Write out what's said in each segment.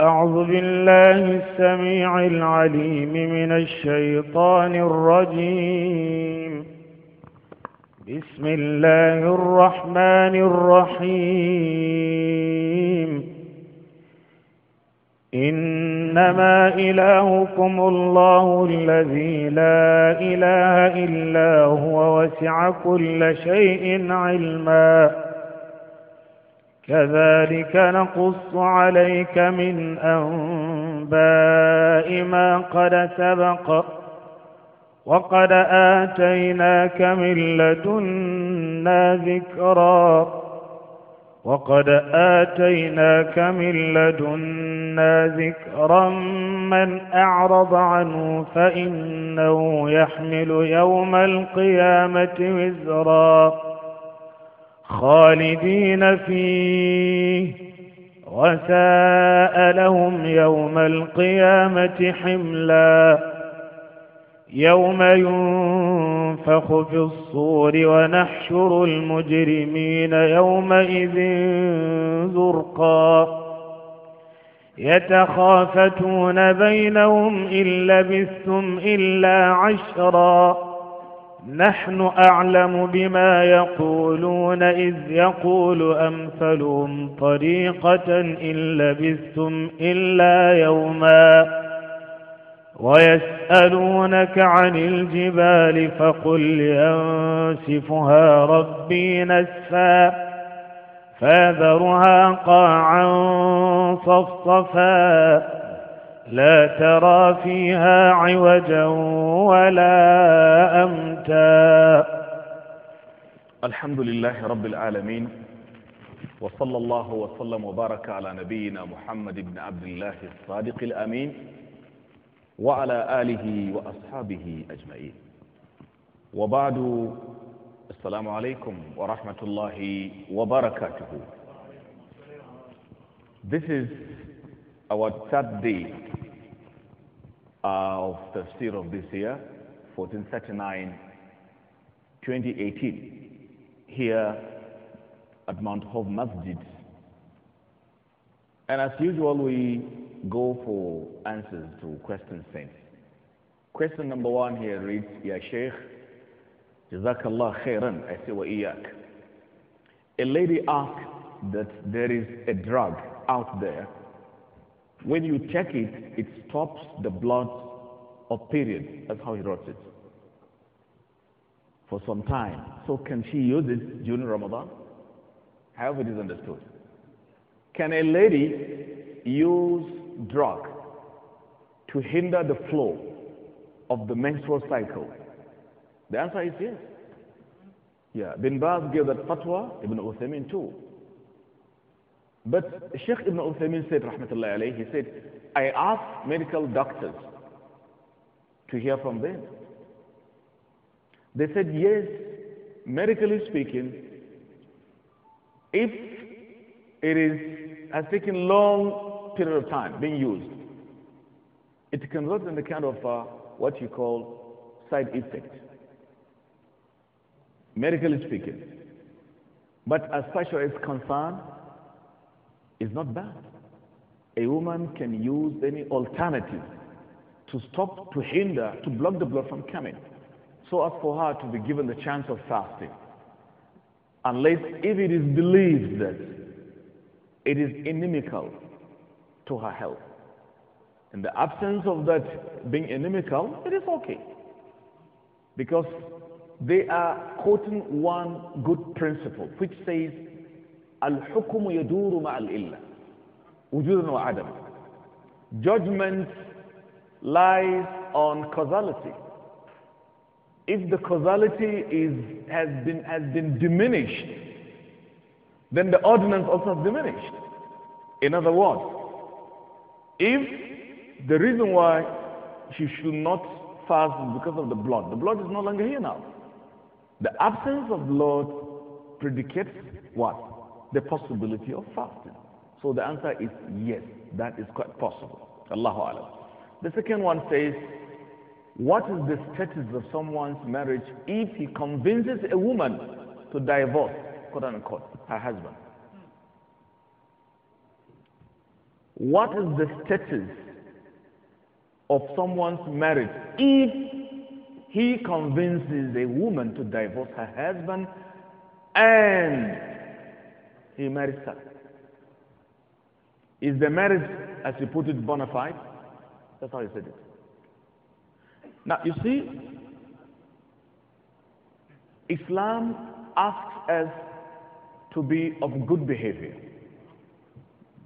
أعوذ بالله السميع العليم من الشيطان الرجيم بسم الله الرحمن الرحيم إنما إلهكم الله الذي لا إله إلا هو وسع كل شيء علمًا كذلك نقص عليك من أنباء ما قد سبق وقد آتيناك من لدنا ذكرا وقد آتيناك من لدنا ذكرا من أعرض عنه فإنه يحمل يوم القيامة وزراً خالدين فيه وساء لهم يوم القيامة حملا يوم ينفخ في الصور ونحشر المجرمين يومئذ زرقا يتخافتون بينهم إن لبثتم إلا عشرا نحن أعلم بما يقولون إذ يقول أمثلهم طريقة إن لبثتم إلا يوما ويسألونك عن الجبال فقل ينسفها ربي نسفا فاذرها قاعا صفصفا لا ترى فيها عوجا ولا أمتا الحمد لله رب العالمين وصلى الله وسلم وبارك على نبينا محمد بن عبد الله الصادق الأمين وعلى آله وأصحابه أجمعين وبعد السلام عليكم ورحمة الله وبركاته This is our third day Uh, of the tafsir of this year, 1439, 2018, here at Mount Hope Masjid. And as usual, we go for answers to questions sent. Question number one here reads, Ya Sheikh, Jazakallah khairan, I say wa iyak. A lady asked that there is a drug out there when you check it, it stops the blood of period. That's how he wrote it. For some time. So can she use it during Ramadan? However, it is understood. Can a lady use drug to hinder the flow of the menstrual cycle? The answer is yes. Yeah, Bin Baz gave that fatwa, Ibn Uthaymeen too. But Sheikh Ibn Uthaymeen said, Rahmatullah alayhi, he said, I asked medical doctors to hear from them. They said, yes, medically speaking, if it is, has taken long period of time being used, it can result in the kind of uh, what you call side effect, medically speaking. But as far as is concerned, is not bad. A woman can use any alternative to stop, to hinder, to block the blood from coming, so as for her to be given the chance of fasting. Unless if it is believed that it is inimical to her health. In the absence of that being inimical, it is okay. Because they are quoting one good principle, which says الحكم يدور مع وعدم judgment lies on causality if the causality is has been has been diminished then the ordinance also diminished in other words if the reason why she should not fast is because of the blood the blood is no longer here now the absence of blood predicates what the possibility of fasting? So the answer is yes, that is quite possible. Allahu Alam. The second one says, what is the status of someone's marriage if he convinces a woman to divorce, quote unquote, her husband? What is the status of someone's marriage if he convinces a woman to divorce her husband and he marries her. Is the marriage, as you put it, bona fide? That's how you said it. Now, you see, Islam asks us to be of good behavior.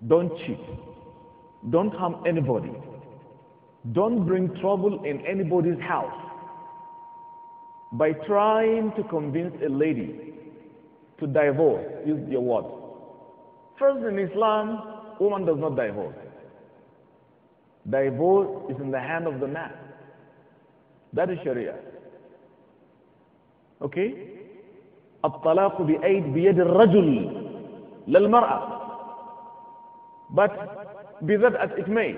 Don't cheat. Don't harm anybody. Don't bring trouble in anybody's house by trying to convince a lady to divorce. Use your word. First, in Islam, woman does not divorce. Divorce is in the hand of the man. That is Sharia. Okay? الطلاق بيد الرجل للمرأة but be that as it may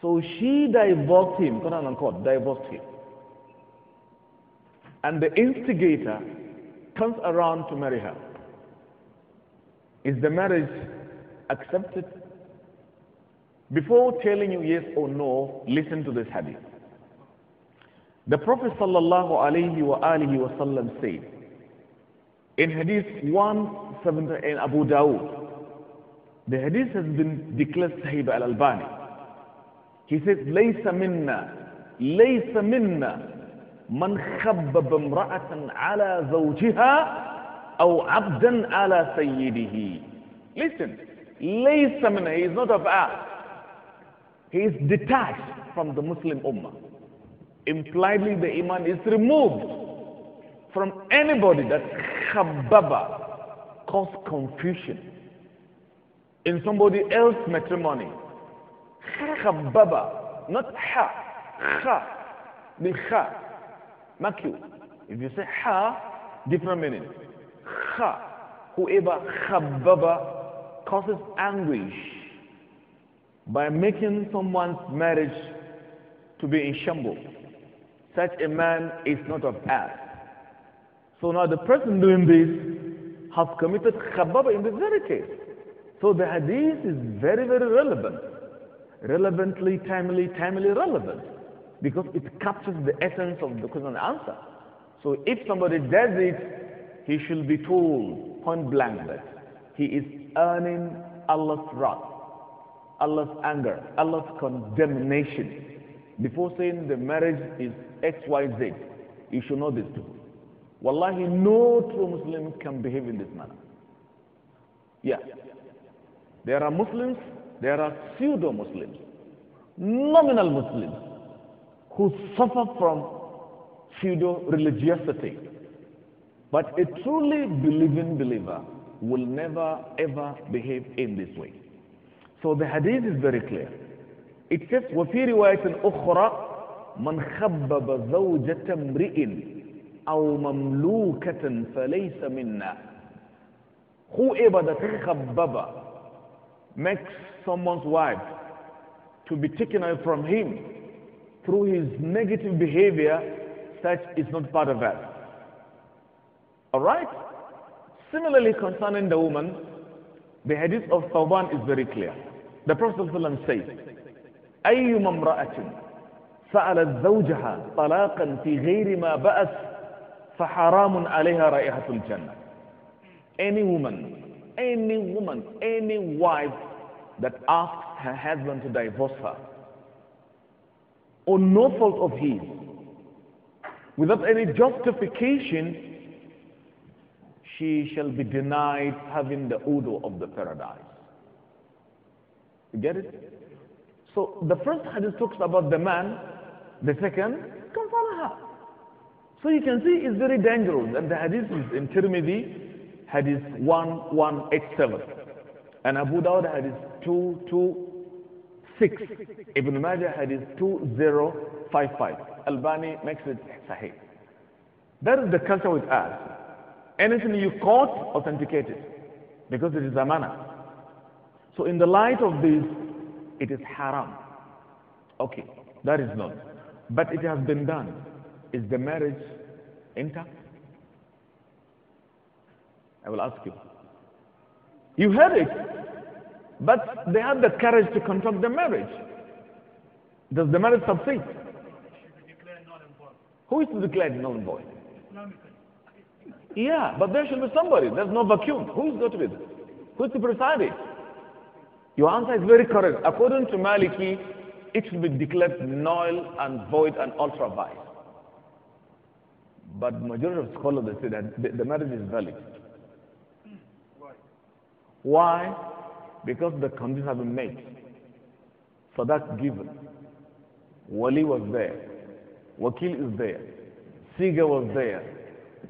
so she divorced him quote unquote divorced him and the instigator comes around to marry her is the marriage accepted? Before telling you yes or no, listen to this hadith. The Prophet sallallahu said in hadith 178 in Abu Dawud, the hadith has been declared Sahih al-Albani. He says, لَيْسَ مِنَّا لَيْسَ مِنَّا مَنْ خَبَّبَ امْرَأَةً عَلَى زَوْجِهَا أو عبدا على سيده listen ليس من he is not of us he is detached from the Muslim Ummah impliedly the iman is removed from anybody that khababa cause confusion in somebody else's matrimony khababa not ha kha the kha if you say ha different meaning Kha, whoever khabbaba causes anguish by making someone's marriage to be in shambles. Such a man is not of us. So now the person doing this has committed khabbaba in this very case. So the hadith is very, very relevant. Relevantly, timely, timely relevant. Because it captures the essence of the question and answer. So if somebody does it, he shall be told point blank that he is earning Allah's wrath, Allah's anger, Allah's condemnation. Before saying the marriage is XYZ, you should know this too. Wallahi, no true Muslim can behave in this manner. Yeah. There are Muslims, there are pseudo Muslims, nominal Muslims who suffer from pseudo religiosity but a truly believing believer will never ever behave in this way. So the hadith is very clear. It says, وفي رواية أخرى من خبب زوجة امرئ أو مملوكة فليس منا. Whoever that خبب makes someone's wife to be taken away from him through his negative behavior, such is not part of that. All right? Similarly, concerning the woman, the hadith of Thawban is very clear. The Prophet ﷺ says, أيما امرأة سألت زوجها طلاقا في غير ما بأس فحرام عليها رائحة الجنة. Any woman, any woman, any wife that asks her husband to divorce her on no fault of his, without any justification, she shall be denied having the odor of the paradise. You get it? So the first hadith talks about the man, the second, her. So you can see it's very dangerous. And the hadith is in Tirmidhi, hadith 1187. And Abu Dawud hadith 226. Ibn Majah hadith 2055. Albani makes it sahih. That is the culture with us. Anything you caught, authenticate it because it is amana. So in the light of this, it is haram. Okay, that is not. But it has been done. Is the marriage intact? I will ask you. You heard it, but they had the courage to contract the marriage. Does the marriage subsist? Who is to declare null and void? Islamically. Yeah, but there should be somebody. There's no vacuum. Who is going to be there? Who's to preside it? Your answer is very correct. According to Maliki, it should be declared null and void and ultra vice. But majority of scholars say that the, marriage is valid. Why? Why? Because the conditions have been made. So that's given. Wali was there. Wakil is there. Siga was there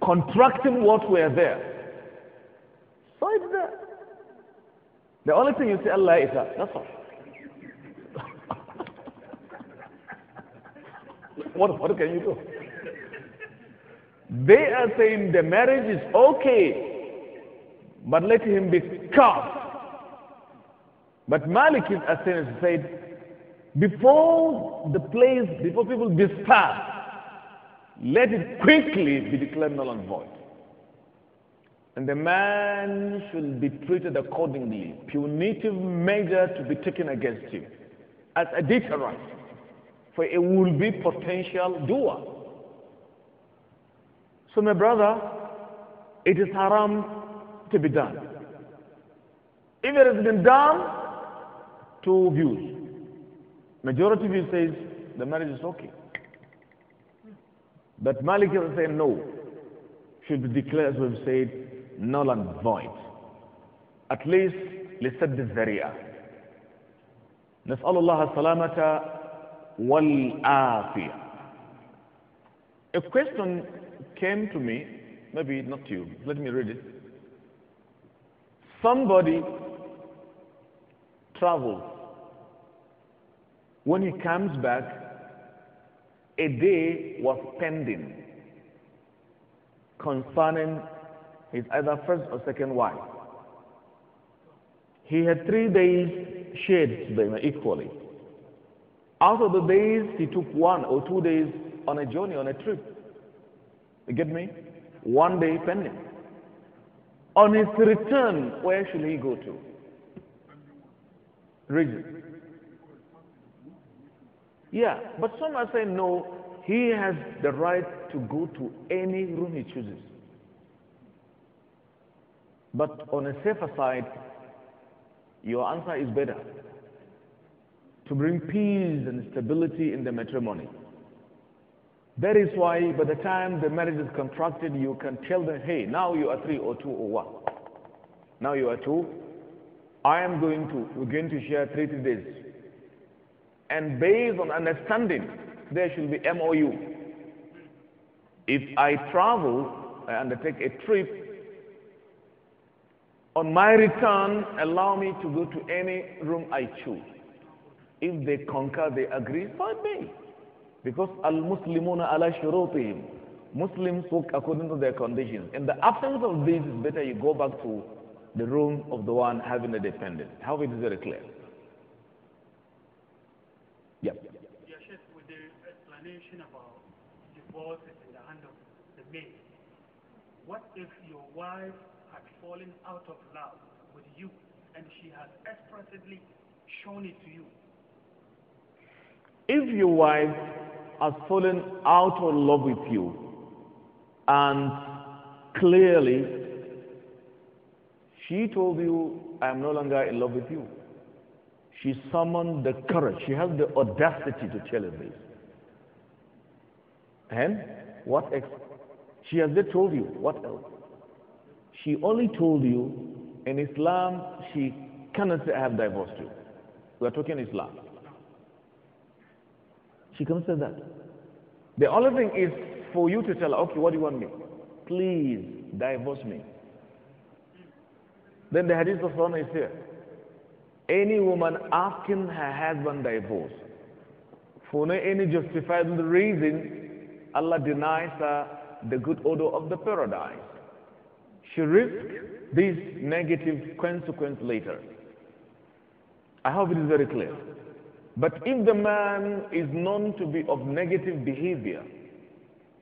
contracting what were there. So it's there. The only thing you say Allah is that. That's all. what, what can you do? They are saying the marriage is okay, but let him be cut. But Malik is saying, before the place, before people disperse, let it quickly be declared null and void. And the man should be treated accordingly. Punitive measure to be taken against him as a deterrent. For it will be potential doer. So my brother, it is haram to be done. If it has been done, two views. Majority view says the marriage is okay. But Malik will say no, should be declared, as we've said, null and void. At least, لسد الذريعة. نسأل الله السلامة والآفية. A question came to me, maybe not to you, let me read it. Somebody travels. When he comes back, a day was pending concerning his either first or second wife. He had three days shared to them equally. Out of the days, he took one or two days on a journey, on a trip. You get me? One day pending. On his return, where should he go to? Region. Yeah, but some are saying no, he has the right to go to any room he chooses. But on a safer side, your answer is better. To bring peace and stability in the matrimony. That is why by the time the marriage is contracted, you can tell them, hey, now you are three or two or one. Now you are two. I am going to, we're going to share 30 days and based on understanding, there should be MOU. If I travel, I undertake a trip, on my return, allow me to go to any room I choose. If they concur, they agree, fine me. Because al-Muslimuna ala shurutihim. Muslims work according to their conditions. In the absence of this, it's better you go back to the room of the one having a dependent. How it is very clear. Yeah. Yeah, with the explanation about divorce is in the hand of the maid, what if your wife had fallen out of love with you and she has expressly shown it to you? If your wife has fallen out of love with you and clearly she told you, I am no longer in love with you. She summoned the courage. She has the audacity to tell him this. And what else? She has not told you. What else? She only told you in Islam, she cannot say, I have divorced you. We are talking Islam. She cannot say that. The only thing is for you to tell her, okay, what do you want me? Please divorce me. Then the hadith of Sunnah is here any woman asking her husband divorce for any justifiable reason, Allah denies her the good odor of the paradise. She risked these negative consequence later. I hope it is very clear. But if the man is known to be of negative behavior,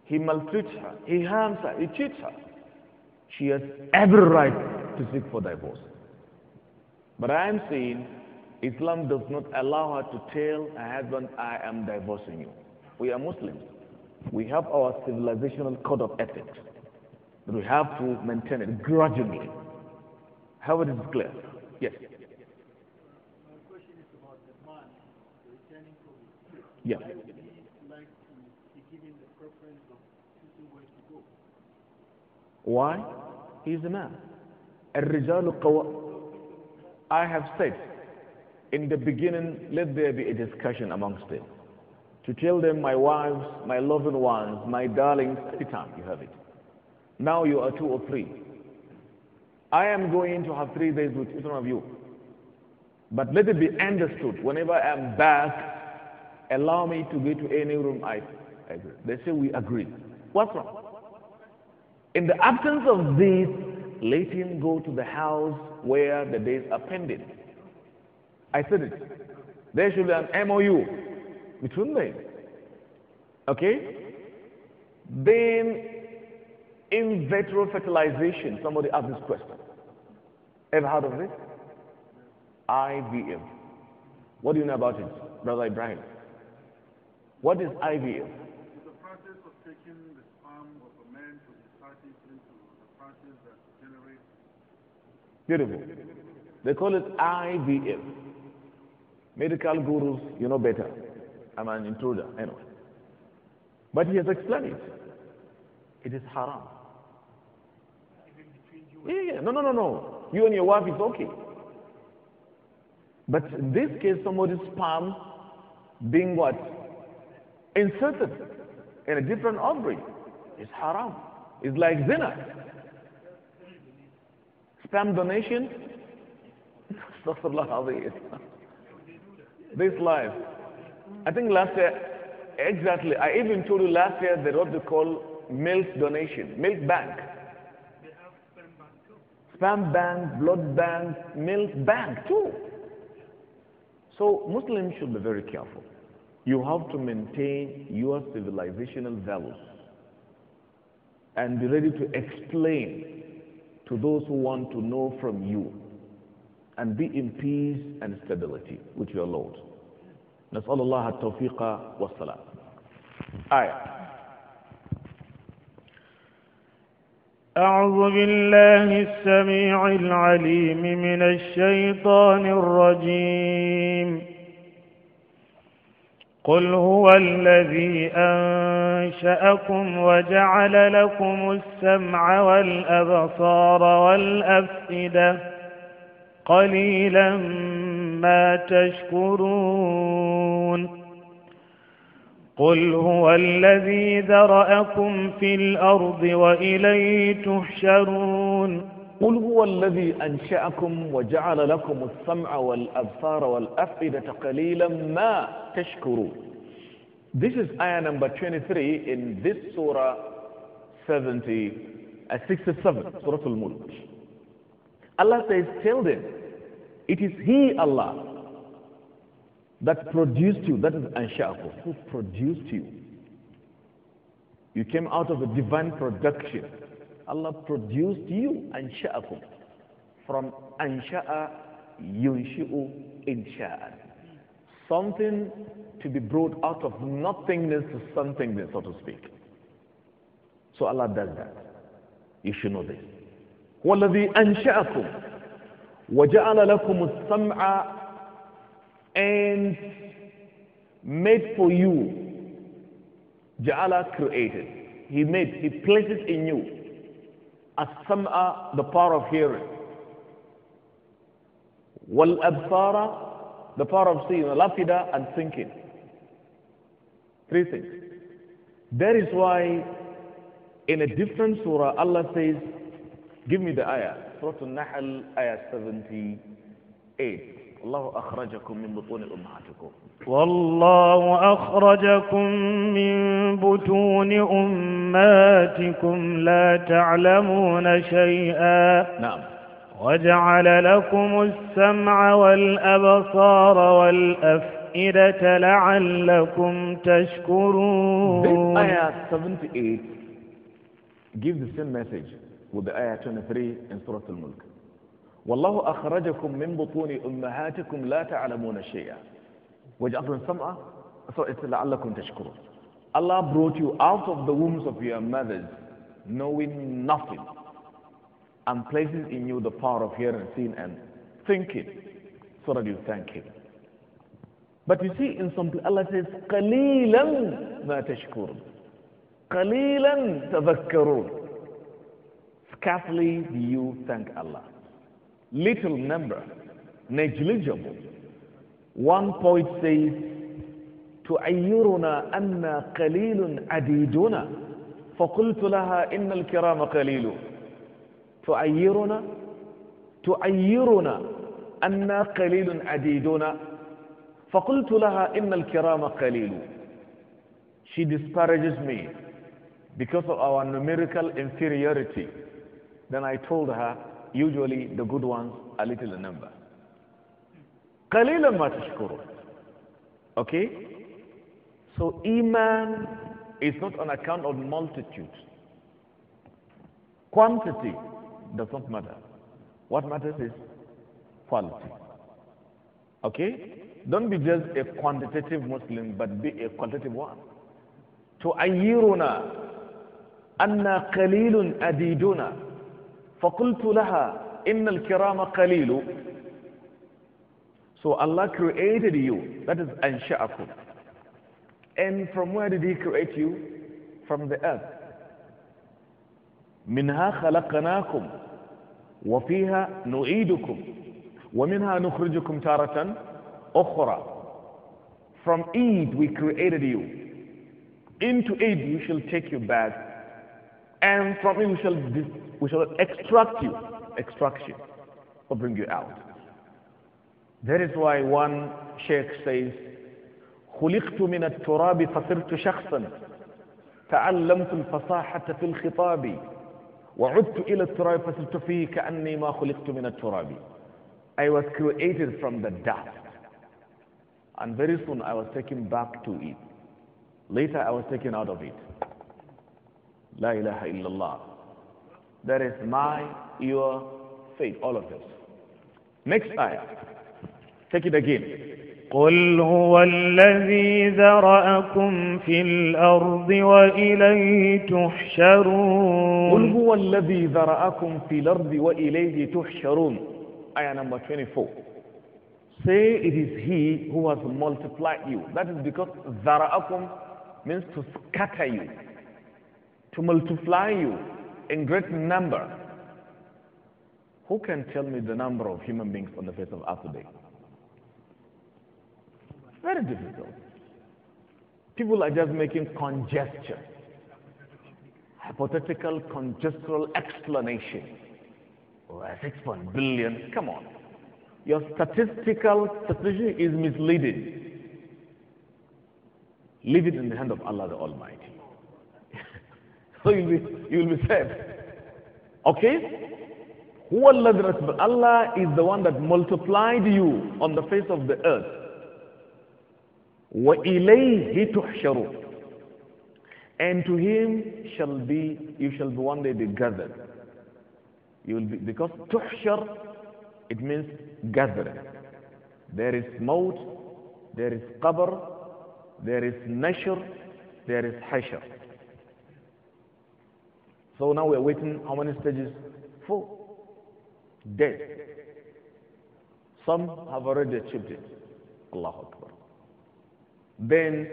he maltreats her, he harms her, he cheats her, she has every right to seek for divorce. But I am saying Islam does not allow her to tell her husband, I am divorcing you. We are Muslims. We have our civilizational code of ethics. But we have to maintain it gradually. How it is clear? Yes. Yeah. Why? He's a man. الرجال قوام I have said, in the beginning, let there be a discussion amongst them. To tell them, my wives, my loved ones, my darlings, every time you have it. Now you are two or three. I am going to have three days with each one of you. But let it be understood, whenever I am back, allow me to go to any room I agree. They say, we agree. What's wrong? In the absence of this, let him go to the house where the days are pending. I said it. There should be an MOU between them. Okay? Then, in vitro fertilization, somebody asked this question. Ever heard of this? IVF. What do you know about it, Brother Ibrahim? What is IVF? It's the process of taking the sperm of a man to the into the process that Beautiful. They call it IVF. Medical gurus, you know better. I'm an intruder, anyway. But he has explained it. It is haram. Yeah, yeah, no, no, no, no. You and your wife is okay. But in this case, somebody's palm being what? Inserted in a different ovary. It's haram. It's like zina. Some donation? This life. I think last year, exactly, I even told you last year they wrote the call milk donation, milk bank. Spam bank, blood bank, milk bank too. So Muslims should be very careful. You have to maintain your civilizational values and be ready to explain to those who want to know from you and be in peace and stability with your Lord. نسأل الله التوفيق والسلام آية أعوذ بالله السميع العليم من الشيطان الرجيم قل هو الذي أنشأكم وجعل لكم السمع والأبصار والأفئدة قليلا ما تشكرون قل هو الذي ذرأكم في الأرض وإليه تحشرون قل هو الذي أنشأكم وجعل لكم السمع والأبصار والأفئدة قليلا ما This is ayah number 23 in this surah 70, uh, 67, Surah Al-Mulk. Allah says, tell them, it is He, Allah, that produced you, that is Ansha'akum, who produced you. You came out of a divine production. Allah produced you ansha'akum from ansha'a yunshi'u insha'an something to be brought out of nothingness to somethingness so to speak so Allah does that you should know this والذي أنشأكم وجعل لكم السمع and made for you جعل created he made he places in you as-sam'a, the power of hearing. Wal-absara, the power of seeing. Lafida and thinking. Three things. That is why in a different surah, Allah says, give me the ayah. Surah an nahl ayah 78. الله أخرجكم من بطون أمهاتكم والله أخرجكم من بطون أمهاتكم لا تعلمون شيئا نعم وجعل لكم السمع والأبصار والأفئدة لعلكم تشكرون This 78 give the same message with the ayah 23 in Surah Al-Mulk والله أخرجكم من بطون أمهاتكم لا تعلمون شيئا وجعلتم سمعا لعلكم تشكرون Allah brought you out of the wombs of your mothers knowing nothing and places in you the power of hearing, seeing and thinking so that you thank Him. But you see in some Allah says قَلِيلًا مَا تَشْكُرُونَ قَلِيلًا تَذَكَّرُونَ Scarcely do you thank Allah little number, negligible. One poet says, to ayyuruna anna qalilun adiduna faqultu laha innal kirama qalilu to ayyuruna to ayyuruna anna qalilun adiduna faqultu laha innal kirama qalilu she disparages me because of our numerical inferiority then i told her usually the good ones are little in number. قَلِيلًا مَا تَشْكُرُونَ Okay? So Iman is not on account of multitude. Quantity does not matter. What matters is quality. Okay? Don't be just a quantitative Muslim, but be a qualitative one. To ayiruna, anna قليل أديدنا فقلت لها إن الكرام قليل So Allah created you. That is أنشأكم. And from where did He create you? From the earth. منها خلقناكم وفيها نعيدكم ومنها نخرجكم تارة أخرى. From Eid we created you. Into Eid we shall take you back. And from Eid we shall we shall extract you, extraction, or bring you out. That is why one sheikh says, خلقت من التراب فصرت شخصا تعلمت الفصاحة في الخطاب وعدت إلى التراب فصرت فيه كأني ما خلقت من التراب I was created from the dust and very soon I was taken back to it later I was taken out of it لا إله إلا الله that is my, your faith, all of this. Next time, Take it again. قل هو الذي ذرأكم في الأرض وإليه تحشرون قل هو الذي ذرأكم في الأرض وإليه تحشرون Ayah number 24 Say it is he who has multiplied you That is because ذرأكم means to scatter you To multiply you in great number. Who can tell me the number of human beings on the face of earth today? Very difficult. People are just making conjecture, hypothetical, conjectural explanation. Well, oh, six point billion? come on. Your statistical statistic is misleading. Leave it in the hand of Allah the Almighty. So you'll be, you'll be saved. Okay? Allah is the one that multiplied you on the face of the earth. وَإِلَيْهِ تُحْشَرُونَ And to him shall be, you shall be one day be gathered. You will be, because تُحْشَر, it means gathering. There is maut, there is qabr, there is nashr, there is hashr. So now we're waiting how many stages? Four. Dead. Some have already achieved it. Allahu Akbar. Then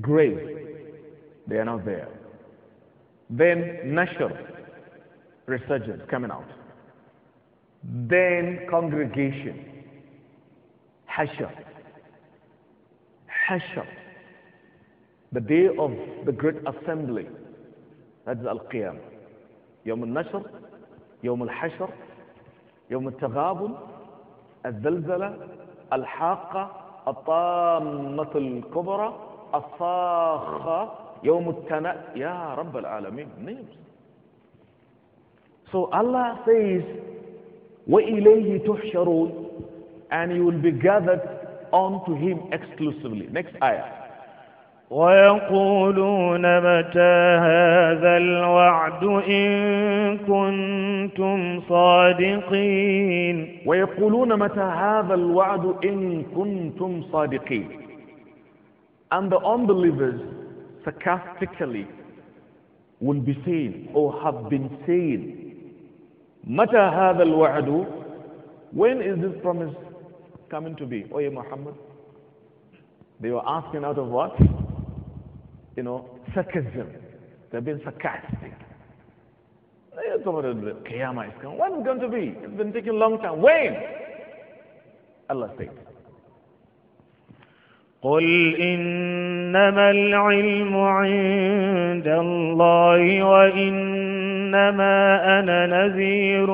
grave. They are not there. Then national resurgence coming out. Then congregation. Hashar. Hashar. The day of the great assembly. هذه القيامة يوم النشر يوم الحشر يوم التغابن الزلزلة الحاقة الطامة الكبرى الصاخة يوم التنا يا رب العالمين names so Allah says وإليه تحشرون and you will be gathered unto him exclusively next ayah ويقولون متى هذا الوعد إن كنتم صادقين ويقولون متى هذا الوعد إن كنتم صادقين And the unbelievers sarcastically will be saying or have been saying متى هذا الوعد When is this promise coming to be? Oh yeah, Muhammad. They were asking out of what? you know, sarcasm. They're being sarcastic. They're talking about the Qiyamah is coming. When is it going to be? It's been taking a long time. When? Allah says. قل إنما العلم عند الله وإنما أنا نذير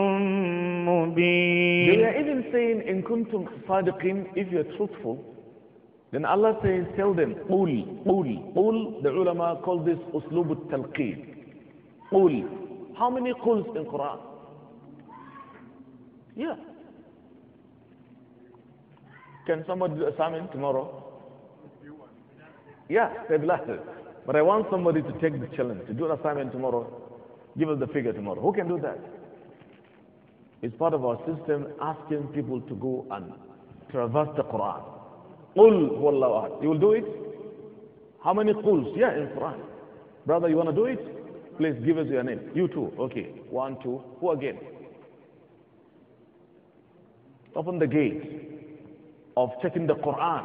مبين. They are even saying إن كنتم صادقين if you are truthful then Allah says, tell them, قُل, قُل, قُل. The ulama call this uslub al-talqeen. How many quls in Quran? Yeah. Can somebody do uh, assignment tomorrow? Yeah, they've it. But I want somebody to take the challenge, to do an assignment tomorrow. Give us the figure tomorrow. Who can do that? It's part of our system asking people to go and traverse the Quran. Qul huwallahu ahad. You will do it? How many quls? Yeah, in Quran. Brother, you want to do it? Please give us your name. You too. Okay. One, two. Who again? Open the gate of taking the Quran.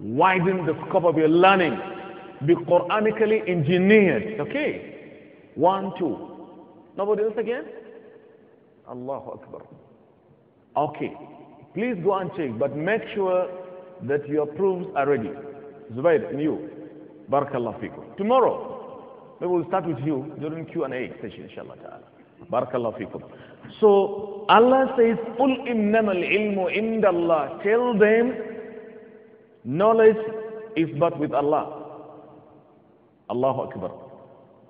Widen the scope of your learning. Be Quranically engineered. Okay. One, two. Nobody else again? Allahu Akbar. Okay. Please go and check, but make sure that your proofs are ready. Zubair, and you. Barakallah fikum. Tomorrow, we will start with you during Q&A session, inshallah ta'ala. Barakallah fikum. So, Allah says, قُلْ إِنَّمَا الْعِلْمُ عِنْدَ اللَّهِ Tell them, knowledge is but with Allah. Allahu Akbar.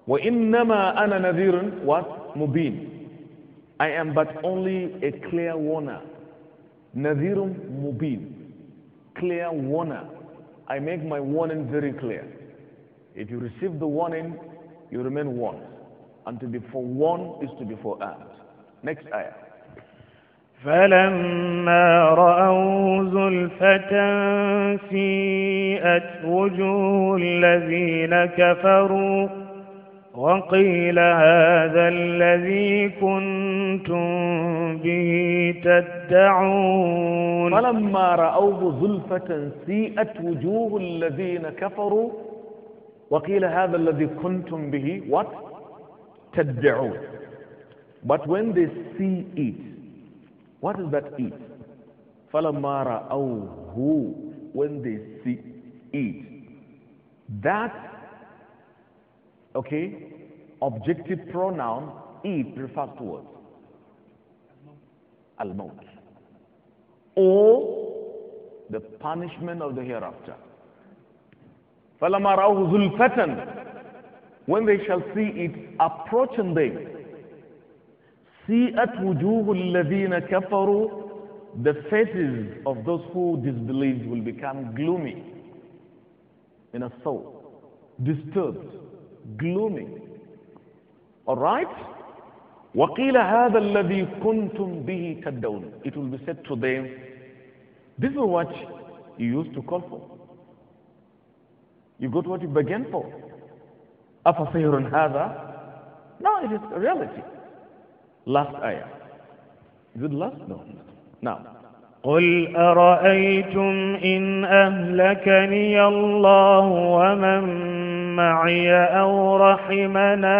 وَإِنَّمَا أَنَا نَذِيرٌ What? Mubin. I am but only a clear warner. Nadhirun mubin clear warner. I make my warning very clear. If you receive the warning, you remain warned. And to be forewarned is to be forearmed. Next ayah. فلما رأوا زلفة سيئت وجوه الذين كفروا وقيل هذا الذي كنتم به تدعون فلما رأوه زلفة سيئت وجوه الذين كفروا وقيل هذا الذي كنتم به what? تدعون but when they see it what is that it? فلما رأوه when they see it that okay, objective pronoun, it refers to what? Al-Maut. Or the punishment of the hereafter. When they shall see it approaching them, سِيَتْ وُجُوهُ الَّذِينَ The faces of those who disbelieve will become gloomy, in a soul, disturbed, gloomy. All right? وَقِيلَ هَذَا الَّذِي كُنْتُمْ بِهِ تَدَّوْنَ It will be said to them, this is what you used to call for. You got what you began for. أَفَصِهْرٌ هَذَا No, it is a reality. Last ayah. Is it last? No. Now. قل أرأيتم إن أهلكني الله ومن معي أو رحمنا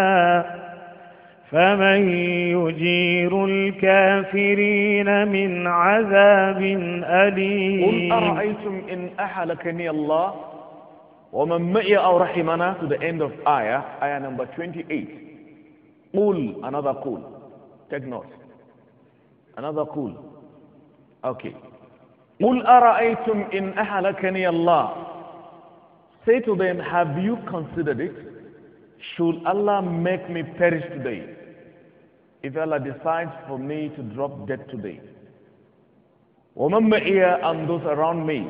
فمن يجير الكافرين من عذاب أليم قل أرأيتم إن أحلكني الله ومن معي أو رحمنا to the end of ayah ayah number 28 قل another قل take note another قل okay قل أرأيتم إن أحلكني الله Say to them, Have you considered it? Should Allah make me perish today? If Allah decides for me to drop dead today. وَمَنْ مَعِيَ and those around me.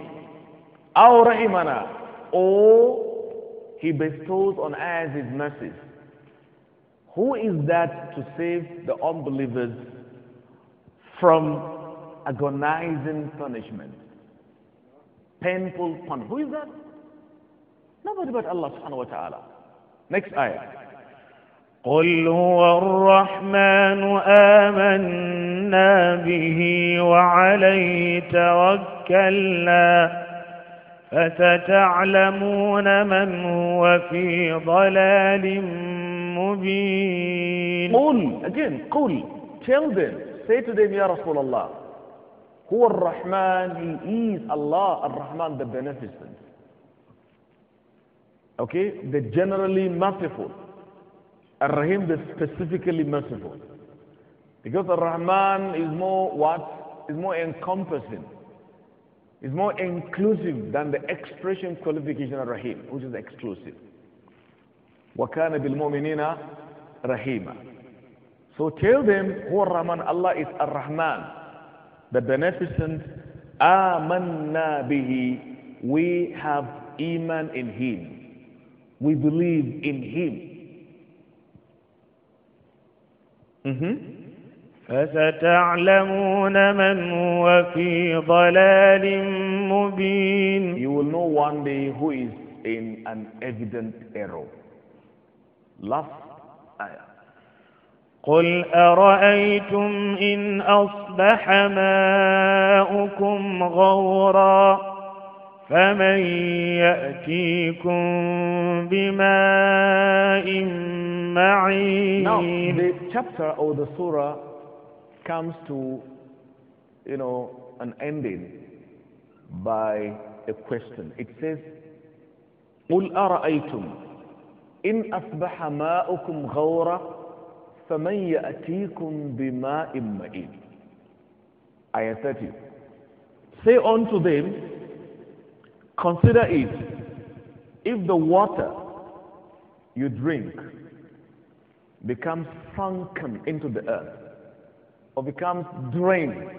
our رَحِمَنَا Or He bestows on us His mercies. Who is that to save the unbelievers from agonizing punishment? Painful punishment. Who is that? نبدأ بات الله سبحانه وتعالى next ayah قل هو الرحمن آمنا به وعليه توكلنا فستعلمون من هو في ضلال مبين قل again قل tell them say to them يا رسول الله هو الرحمن he is Allah الرحمن the beneficent Okay, the generally merciful. Ar-Rahim, the specifically merciful. Because Ar-Rahman is more what? Is more encompassing. Is more inclusive than the expression qualification of Rahim, which is exclusive. وَكَانَ بِالْمُؤْمِنِينَ رَحِيمًا So tell them, who Rahman, Allah is Ar-Rahman, the beneficent, آمَنَّا بِهِ We have iman in Him. We believe in him. فَسَتَعْلَمُونَ مَنْ هُوَ فِي ضَلَالٍ مُبِينٍ You will know one day who is in an evident error. Last ayah. قل أرأيتم إن أصبح ماؤكم غورا فمن يأتيكم بماء معين Now, the chapter or the surah comes to, you know, an ending by a question. It says, قل أرأيتم إن أصبح ماؤكم غورا فمن يأتيكم بماء معين Ayah 30. Say unto them, Consider it if the water you drink becomes sunken into the earth or becomes drained,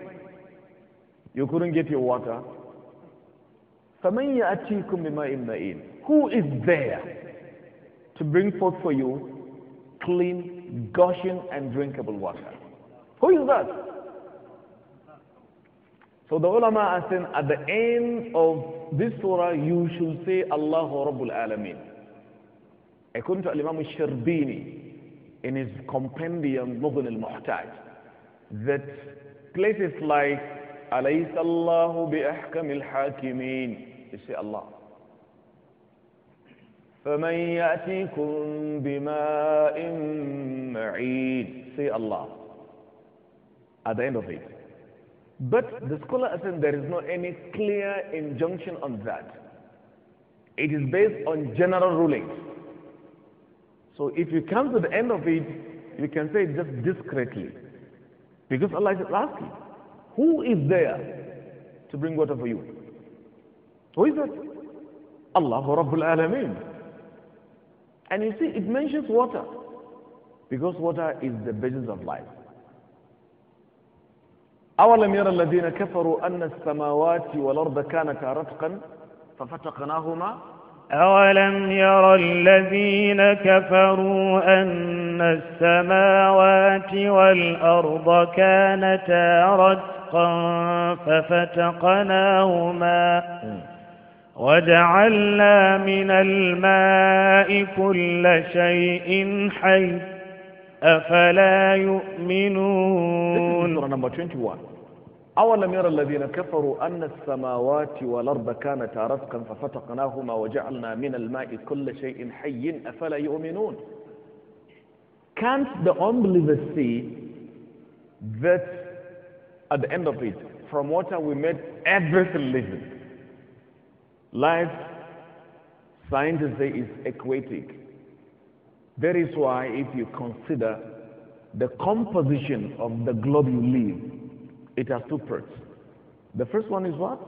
you couldn't get your water. Who is there to bring forth for you clean, gushing, and drinkable water? Who is that? So the ulama are saying at the end of this surah you should say Allahu Rabbul Alameen. According to Imam Sharbini in his compendium Mughni al-Muhtaj that places like أليس الله بأحكم الحاكمين you say Allah. فمن يأتيكم بماء معين say Allah. At the end of it. But the scholar says there is no any clear injunction on that. It is based on general rulings. So if you come to the end of it, you can say it just discreetly. Because Allah is asking, who is there to bring water for you? Who is that? Allah Rabbul Alameen. And you see, it mentions water. Because water is the basis of life. أولم يرى الذين كفروا أن السماوات والأرض كانتا رتقا ففتقناهما أولم يرى الذين كفروا أن السماوات والأرض كانتا رتقا ففتقناهما وجعلنا من الماء كل شيء حي أفلا يؤمنون 21. أولم يرى الذين كفروا أن السماوات والأرض كانتا رتقا ففتقناهما وجعلنا من الماء كل شيء حي أفلا يؤمنون Can't the unbelievers see that at the end of it, from water we made everything living? Life, scientists say, is aquatic. That is why if you consider the composition of the globe you live, it has two parts. The first one is what?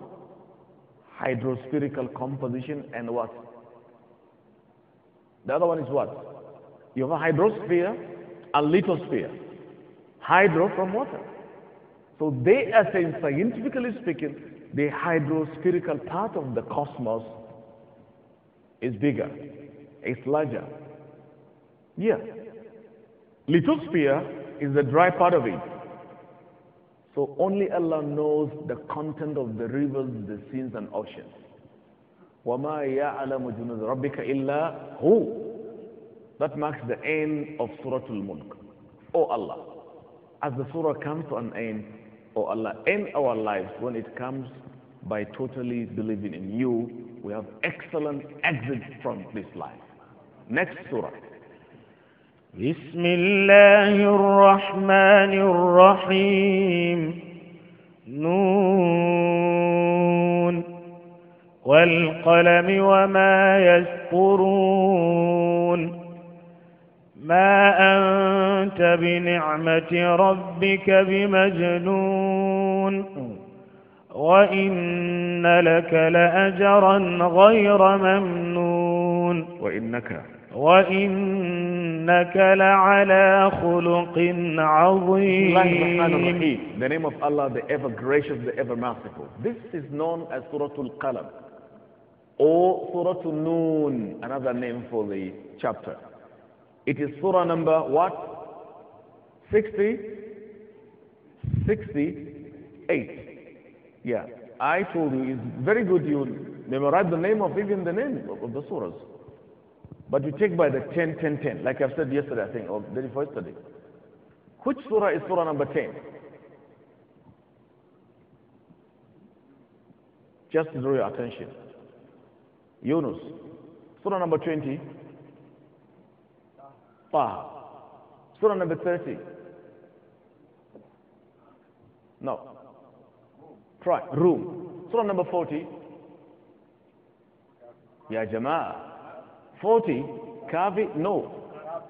Hydrospherical composition and what? The other one is what? You have a hydrosphere and lithosphere. Hydro from water. So they are saying, scientifically speaking, the hydrospherical part of the cosmos is bigger, it's larger. Yeah. Lithosphere is the dry part of it. So only Allah knows the content of the rivers, the seas and oceans. وَمَا يَعْلَمُ جُنُودَ رَبِّكَ إِلَّا هُوَ That marks the end of Surah Al-Mulk. O oh Allah, as the surah comes to an end, O oh Allah, end our lives when it comes by totally believing in you. We have excellent exit from this life. Next surah. بسم الله الرحمن الرحيم نون والقلم وما يسطرون ما أنت بنعمة ربك بمجنون وإن لك لأجرا غير ممنون وإنك وإن إنك لعلى خلق عظيم The name of Allah, the ever gracious, the ever merciful. This is known as Surah Al-Qalam or Surah Al-Noon, another name for the chapter. It is Surah number what? 60? 68. Yeah, I told you it's very good you memorize the name of even the name of the surahs. But you take by the 10, 10, 10, like I've said yesterday, I think, or the day before yesterday. Which surah is surah number 10? Just draw your attention. Yunus. Surah number 20. Fa. Surah number 30. No. Try. Room. Surah number 40. Ya Jama'ah. 40, Kafi, no.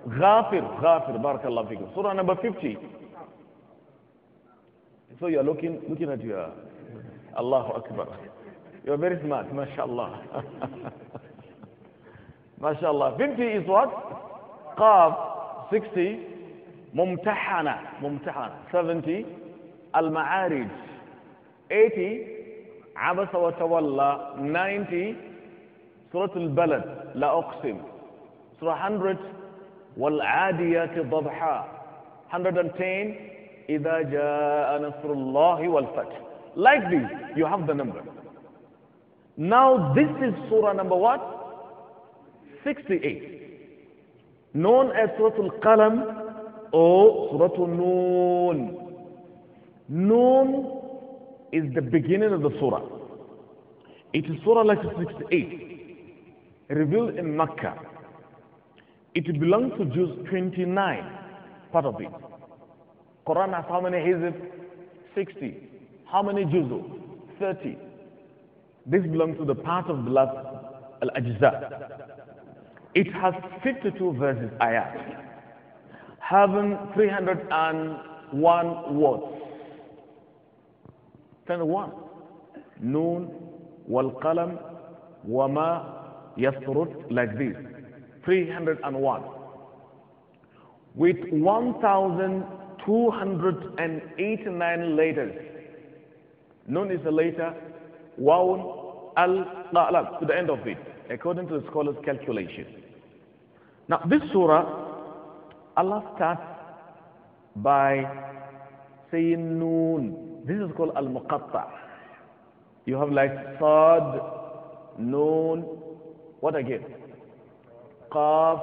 Ghafir, Ghafir, Barakallah Fikum. Surah number 50. So you are looking, looking at your Allahu Akbar. You are very smart, mashallah. mashallah. 50 is what? Qaf, 60. Mumtahana, Mumtahana, 70. Al-Ma'arij, 80. Abasa wa Tawalla, 90. Surah Al-Balad, La Uqsim. Surah 100, وَالْعَادِيَاتِ ضَبْحًا 110, إِذَا جَاءَ نَصْرُ اللَّهِ وَالْفَتْحِ Like this, you have the number. Now this is surah number what? 68. Known as Surah Al-Qalam or Surah Al-Noon. Noon is the beginning of the surah. It is surah like 68 revealed in Mecca. It belongs to Jews 29, part of it. Quran has how many hizb? 60. How many Jews? 30. This belongs to the part of the last Al-Ajza. It has 52 verses, ayat, having 301 words. 21. Noon, wal-qalam, wama يثرد like this 301 with 1289 letters known as the letter waun al qalab to the end of it according to the scholars calculation now this surah Allah starts by saying noon this is called al muqatta you have like sad noon what again? Qaf.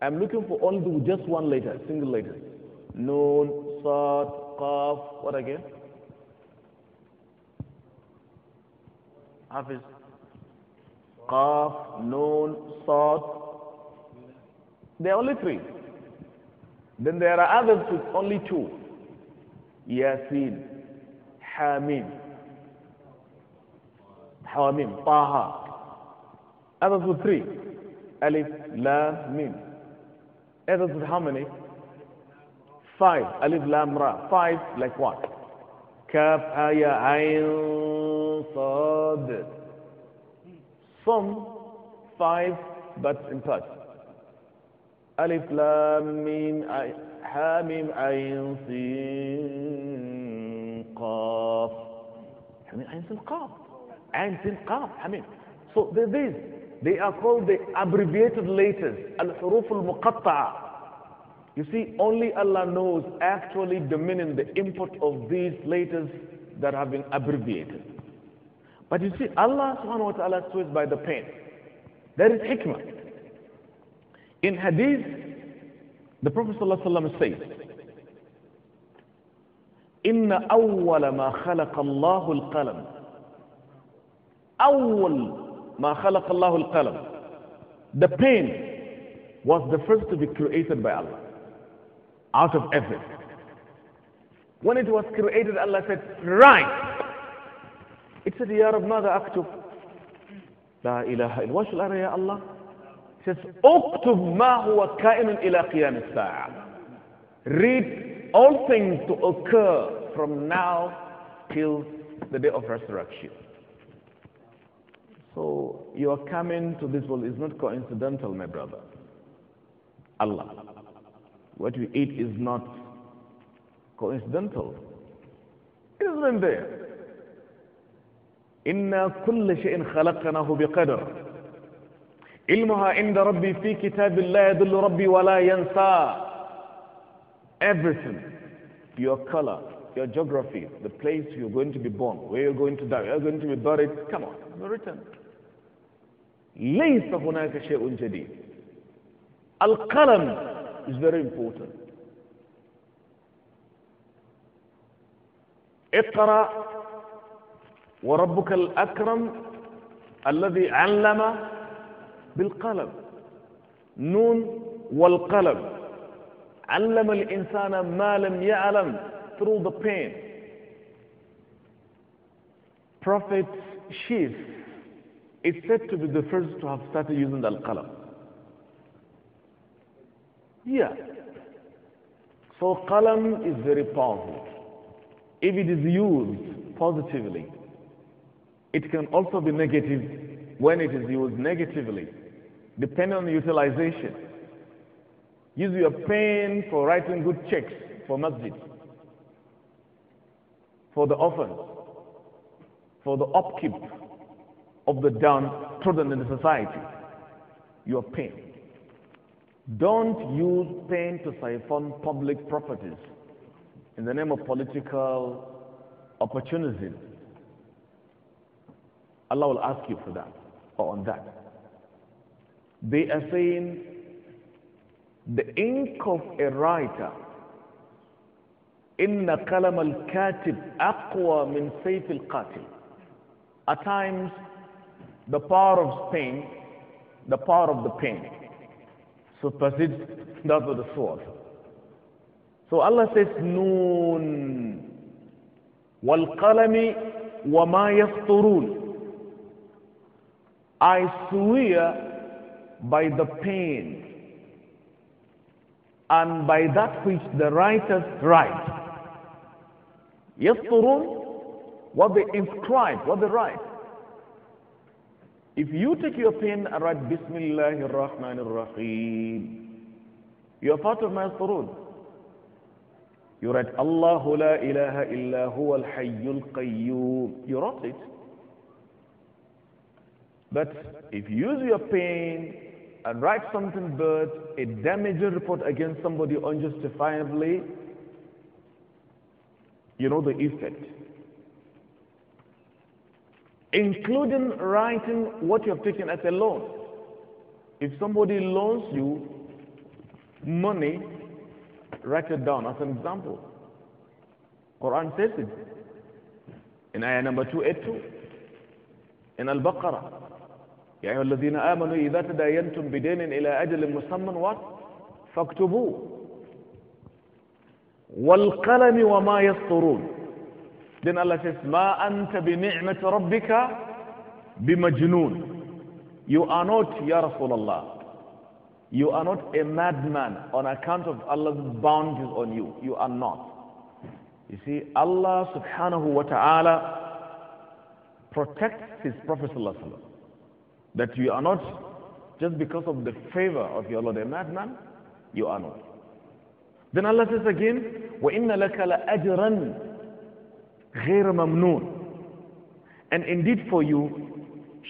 I'm looking for only just one letter, single letter. Noon, Saad, Qaf. What again? Hafiz. Qaf, Noon, Saad. There are only three. Then there are others with only two. Yasin, Hamim, Hamim, Taha. Others with three. Alif, Lam, Mim. Others with how many? Five. Alif, Lam, Ra. Five, like what? Kaf, Aya, Ayn, Sad. Some, five, but in parts. Alif, Lam, Mim, Ha, Mim, Ayn, Sin, Qaf. Ayn, Sin, Qaf. Ayn, Sin, Qaf. Ayn, So these They are called the abbreviated letters, al-huruf al-muqatta'a. You see, only Allah knows actually the meaning, the import of these letters that have been abbreviated. But you see, Allah subhanahu wa ta'ala swears by the pen. There is hikmah. In hadith, the Prophet ﷺ says, إن أول ما خلق الله القلم أول ma al-qalam. The pen was the first to be created by Allah out of effort. When it was created, Allah said, Right. It said, Ya Rab, ماذا أكتب? لا إله إلا وش الأرى يا الله? It says, أكتب ما هو كائن إلى قيام الساعة. Read all things to occur from now till the day of resurrection. So your coming to this world is not coincidental, my brother. Allah. What you eat is not coincidental. It isn't there. إِنَّا shayin khalaqanahu خَلَقْنَاهُ بِقَدَرٍ علمها عند Rabbi في كتاب لا Rabbi wa la ينسى everything your color your geography the place you're going to be born where you're going to die you're going to be buried come on written ليس هناك شيء جديد القلم is very important اقرأ وربك الأكرم الذي علم بالقلم نون والقلم علم الإنسان ما لم يعلم through the pain prophet sheath is said to be the first to have started using the al-qalam. Yeah. So qalam is very powerful. If it is used positively, it can also be negative when it is used negatively, depending on the utilization. Use your pen for writing good checks for masjid, for the orphans, for the upkeep of the downtrodden in the society, your pain. Don't use pain to siphon public properties in the name of political opportunism. Allah will ask you for that or on that. They are saying the ink of a writer, kalam al-katib aqwa min sayf al-qatil. At times, the power of Spain, the power of the pen supersedes that of the sword. So Allah says, Noon, وَالْقَلَمِ وَمَا يَسْطُرُونَ I swear by the pen and by that which the writers write. يَسْطُرُونَ What they inscribe, what they write. If you take your pen and write Bismillahir Rahmanir Rahim, you are part of my Masturun. You write Allahu la ilaha illa huwa al-hayyul qayyum. You wrote it. But if you use your pen and write something but a damaging report against somebody unjustifiably, you know the effect including writing what you have taken as a loan. If somebody loans you money, write it down as an example. Quran says it in ayah number 282 in Al-Baqarah. يا أيها الذين آمنوا إذا تداينتم بدين إلى أجل مسمى what? فاكتبوه والقلم وما يسطرون then Allah says, Ma anta bi ni'mati rabbika bi majnoon. You are not, Ya Allah. you are not a madman on account of Allah's bounties on you. You are not. You see, Allah subhanahu wa ta'ala protects His Prophet that you are not just because of the favor of your Lord a madman, you are not. Then Allah says again, وَإِنَّ لَكَ لَأَجْرًا غير ممنون and indeed for you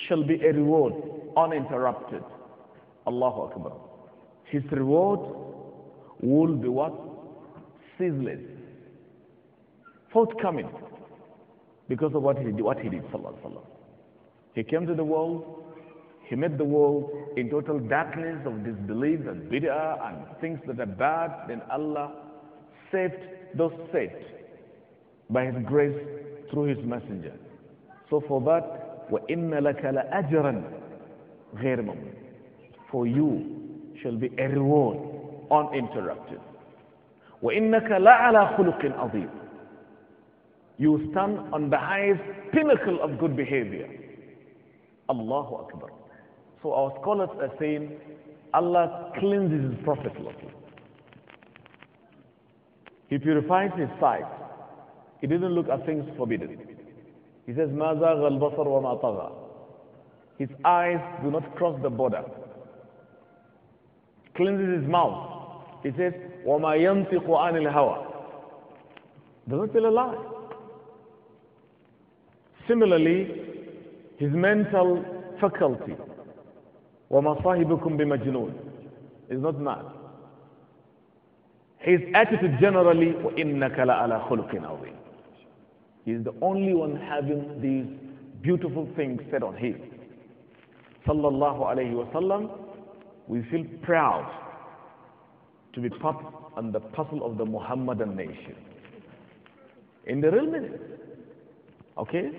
shall be a reward uninterrupted Allahu Akbar his reward will be what? ceaseless forthcoming because of what he did what he did sallallahu alaihi he came to the world he met the world in total darkness of disbelief and bid'ah and things that are bad. Then Allah saved those saved by His grace through His messenger. So for that, وَإِنَّ لَكَ لَأَجْرًا غَيْرَ مَمْنُونٍ For you shall be a reward uninterrupted. وَإِنَّكَ لَعَلَى خُلُقٍ عَظِيمٍ You stand on the highest pinnacle of good behavior. Allahu Akbar. So our scholars are saying Allah cleanses His Prophet. He purifies his sight he didn't look at things forbidden. He says, Mazag al basar wa ma'taga. His eyes do not cross the border. Cleanses his mouth. He says, wa ma yantiqu anil hawa. Does not tell a lie. Similarly, his mental faculty, wa ma sahibukum bimajnun, is not mad. His attitude generally, وَإِنَّكَ لَعَلَى خُلُقٍ عَظِيمٍ he is the only one having these beautiful things said on him. Sallallahu alayhi wasallam, we feel proud to be part and the puzzle of the Muhammadan nation. In the real meaning. Okay?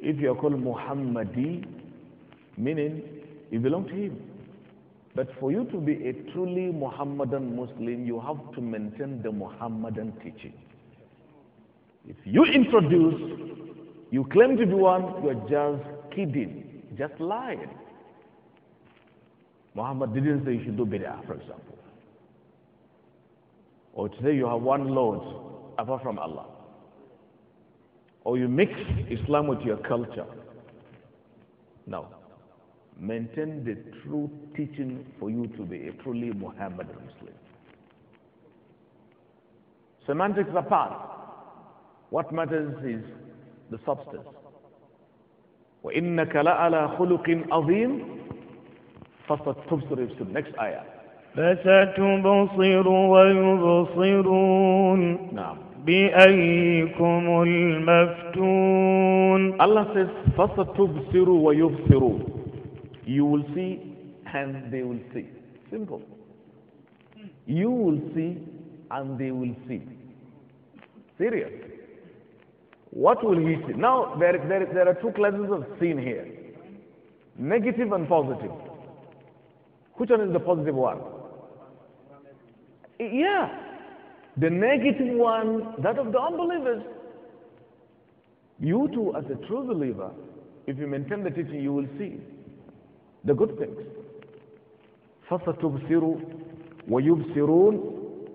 If you are called Muhammadi, meaning you belong to him. But for you to be a truly Muhammadan Muslim, you have to maintain the Muhammadan teaching. If you introduce, you claim to be one, you are just kidding, just lying. Muhammad didn't say you should do bid'ah, for example. Or to say you have one Lord apart from Allah. Or you mix Islam with your culture. No. Maintain the true teaching for you to be a truly Muhammadan Muslim. Semantics apart, what matters is the substance. وَإِنَّكَ لَعَلَى خُلُقٍ عَظِيمٍ فَسَتُبْصِرُ يبصر Next ayah. فَسَتُبْصِرُ وَيُبْصِرُونَ نعم. بِأَيِّكُمُ الْمَفْتُونَ Allah says, فَسَتُبْصِرُ وَيُبَصِّرُ. You will see and they will see. Simple. You will see and they will see. Serious. What will he see? Now, there, there, there are two classes of sin here negative and positive. Which one is the positive one? Yeah. The negative one, that of the unbelievers. You too, as a true believer, if you maintain the teaching, you will see the good things. فَسَتُبْصِرُ وَيُبْصِرُونَ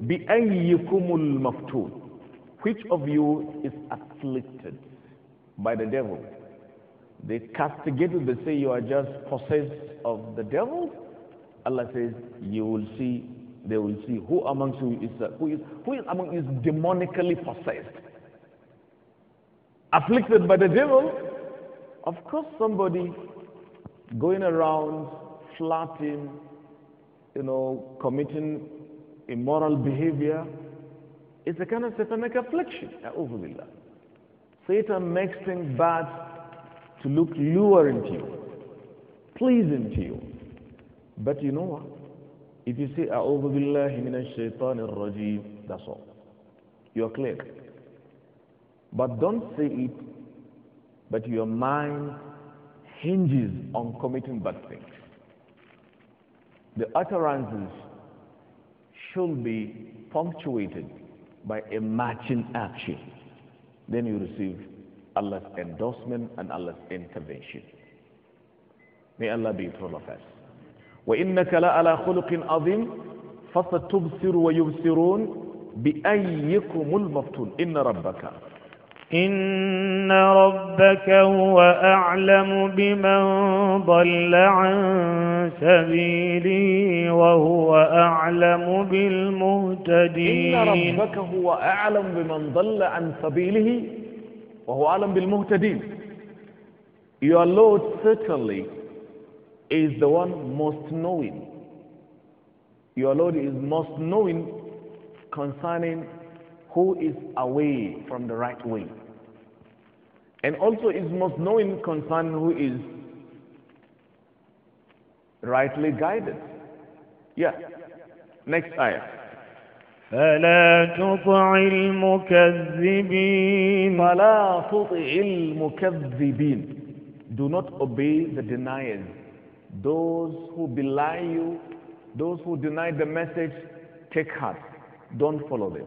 بِأَيِّكُمُ الْمَفْتُونَ which of you is afflicted by the devil? They castigated, they say you are just possessed of the devil. Allah says, you will see, they will see who amongst you is, uh, who is, who is among you is demonically possessed. Afflicted by the devil? Of course somebody going around, flirting, you know, committing immoral behavior, it's a kind of satanic affliction. Satan makes things bad to look luring to you, pleasing to you. But you know what? If you say, A'udhu billahi minash shaitanir rajim, that's all. You're clear. But don't say it, but your mind hinges on committing bad things. The utterances should be punctuated by a matching action, then you receive Allah's endorsement and Allah's intervention. May Allah be with all of us. وإنك لعلى خلق عظيم فستبصر ويبصرون بأيكم المفتون إن ربك إن ربك هو أعلم بمن ضل عن سبيلي وهو أعلم بالمهتدين إن ربك هو أعلم بمن ضل عن سبيله وهو أعلم بالمهتدين Your Lord certainly is the one most knowing. Your Lord is most knowing concerning who is away from the right way. And also is most knowing concern who is rightly guided. Yeah. Next ayah. فلا تطع المكذبين فلا تطع المكذبين Do not obey the deniers those who belie you those who deny the message take heart don't follow them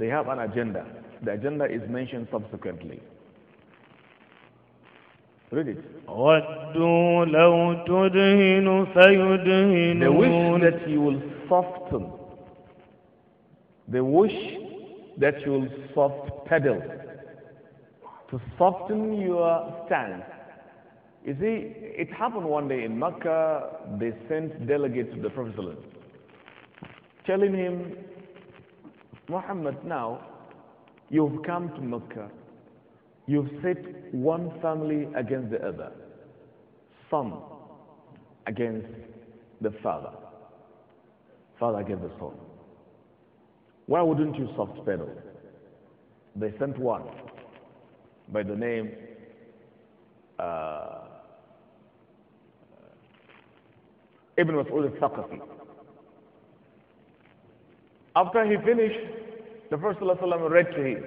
they have an agenda the agenda is mentioned subsequently Read it. They wish that you will soften. They wish that you will soft pedal. To soften your stance. You see, it happened one day in Mecca. They sent delegates to the Prophet telling him, Muhammad, now you've come to Mecca. You've set one family against the other, son against the father, father against the son. Why wouldn't you soft pedal? They sent one by the name uh, Ibn Mas'ud al-Thaqafi. After he finished, the Prophet ﷺ read to him,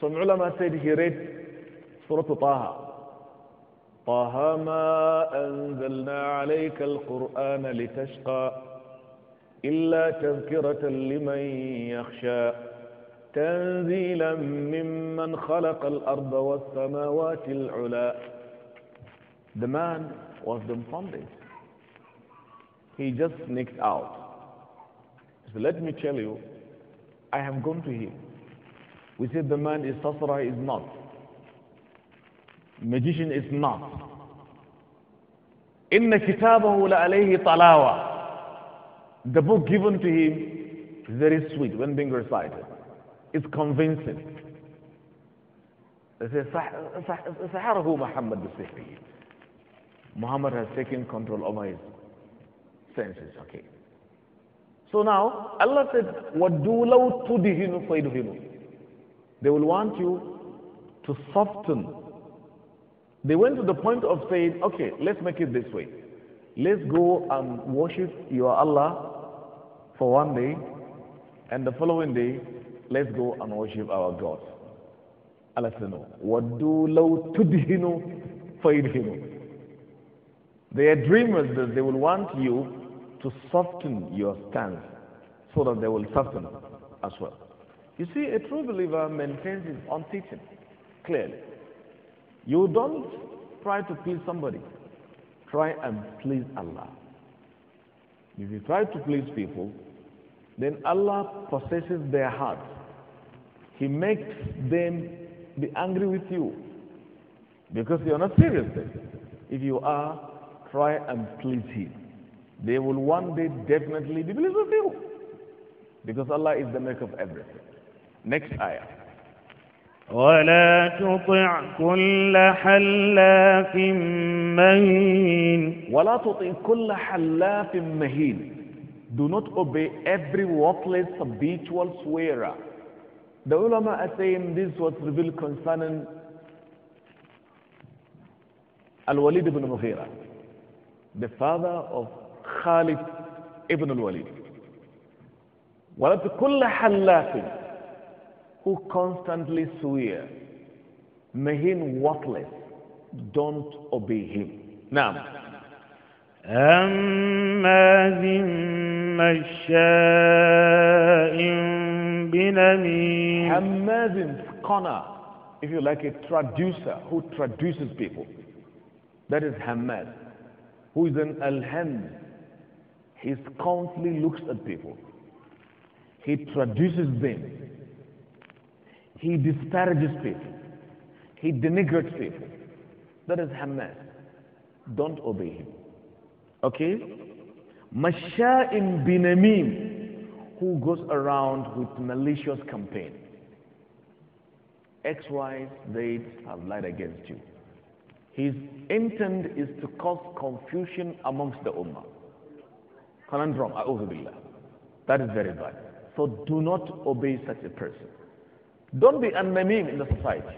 Some ulama said he read Surah Taha. طه ما أنزلنا عليك القرآن لتشقى إلا تذكرة لمن يخشى تنزيلا ممن خلق الأرض والسماوات العلى The man was dumbfounded. He just sneaked out. So let me tell you, I have gone to him. We said the man is sorcerer is not. Magician is not. إن كتابه لعليه طلاوة The book given to him is very sweet when being recited. It's convincing. They say, سحره Muhammad بسحره. Muhammad has taken control over his senses. Okay. So now, Allah said, وَدُّوا لَوْ تُدِهِنُ فَيْدُهِنُ they will want you to soften. They went to the point of saying, okay, let's make it this way. Let's go and worship your Allah for one day, and the following day, let's go and worship our God. Allah said, no. وَدُّوا لَوْ تُدْهِنُوا فَيُدْهِنُوا They are dreamers that they will want you to soften your stance so that they will soften as well. You see, a true believer maintains his own teaching, clearly. You don't try to please somebody. Try and please Allah. If you try to please people, then Allah possesses their hearts. He makes them be angry with you because you are not serious then. If you are, try and please Him. They will one day definitely be pleased with you because Allah is the maker of everything. Next ayah. ولا تطع كل حلاف مهين ولا تطع كل حلاف مهين Do not obey every worthless habitual swearer. The ulama are saying this was revealed concerning Al-Walid ibn Mughira, the father of Khalid ibn al-Walid. ولا تطع كل حلاف who constantly swear, may him worthless, don't obey him. Now, هماز مشاء بنميم هماز scholar if you like a traducer who traduces people that is Hamad who is an alhamd he constantly looks at people he traduces them he disparages people. He denigrates people. That is Hamas. Don't obey him. Okay? Masha'in binamim, who goes around with malicious campaign. X, Y, Z have lied against you. His intent is to cause confusion amongst the ummah. Conundrum, I That is very bad. So do not obey such a person. Don't be an namim in the society.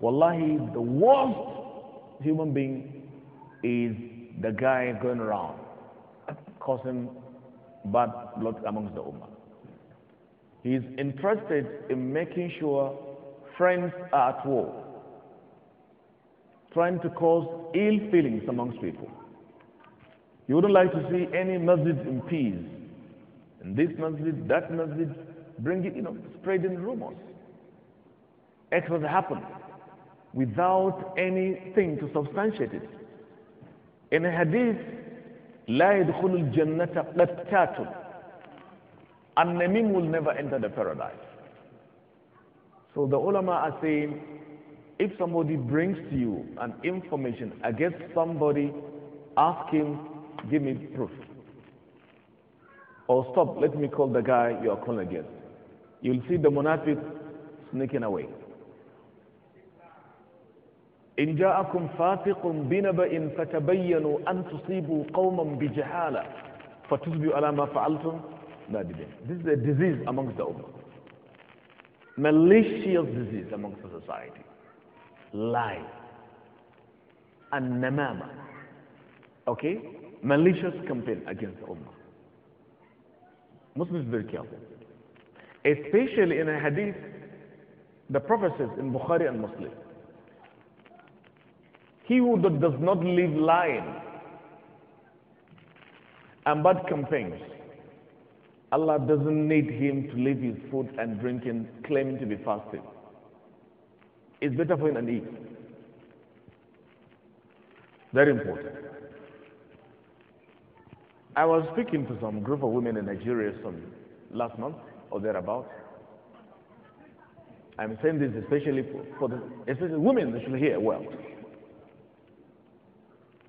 Wallahi, the worst human being is the guy going around causing bad blood amongst the ummah. He is interested in making sure friends are at war, trying to cause ill feelings amongst people. You wouldn't like to see any masjid in peace. In this masjid, that masjid, bringing, you know, spreading rumors. It was happened without anything to substantiate it. In a hadith, لا يدخل الجنة قتات and Namim will never enter the paradise. So the ulama are saying, if somebody brings to you an information against somebody, ask him, give me proof. Or stop, let me call the guy you are calling against you'll see the munafiq sneaking away. إن جاءكم فاتق بنبأ فتبينوا أن تصيبوا قوما بجهالة فتصبحوا على ما فعلتم نادمين. This is a disease amongst the ummah. Malicious disease amongst the society. Lie. And namama. Okay? Malicious campaign against the ummah. Muslims very careful especially in a hadith, the Prophet says in Bukhari and Muslim, he who does not live lying and bad campaigns, Allah doesn't need him to leave his food and drinking, claiming to be fasting. It's better for him and eat. Very important. I was speaking to some group of women in Nigeria some last month or thereabout. I'm saying this especially for, for the especially women that should hear well.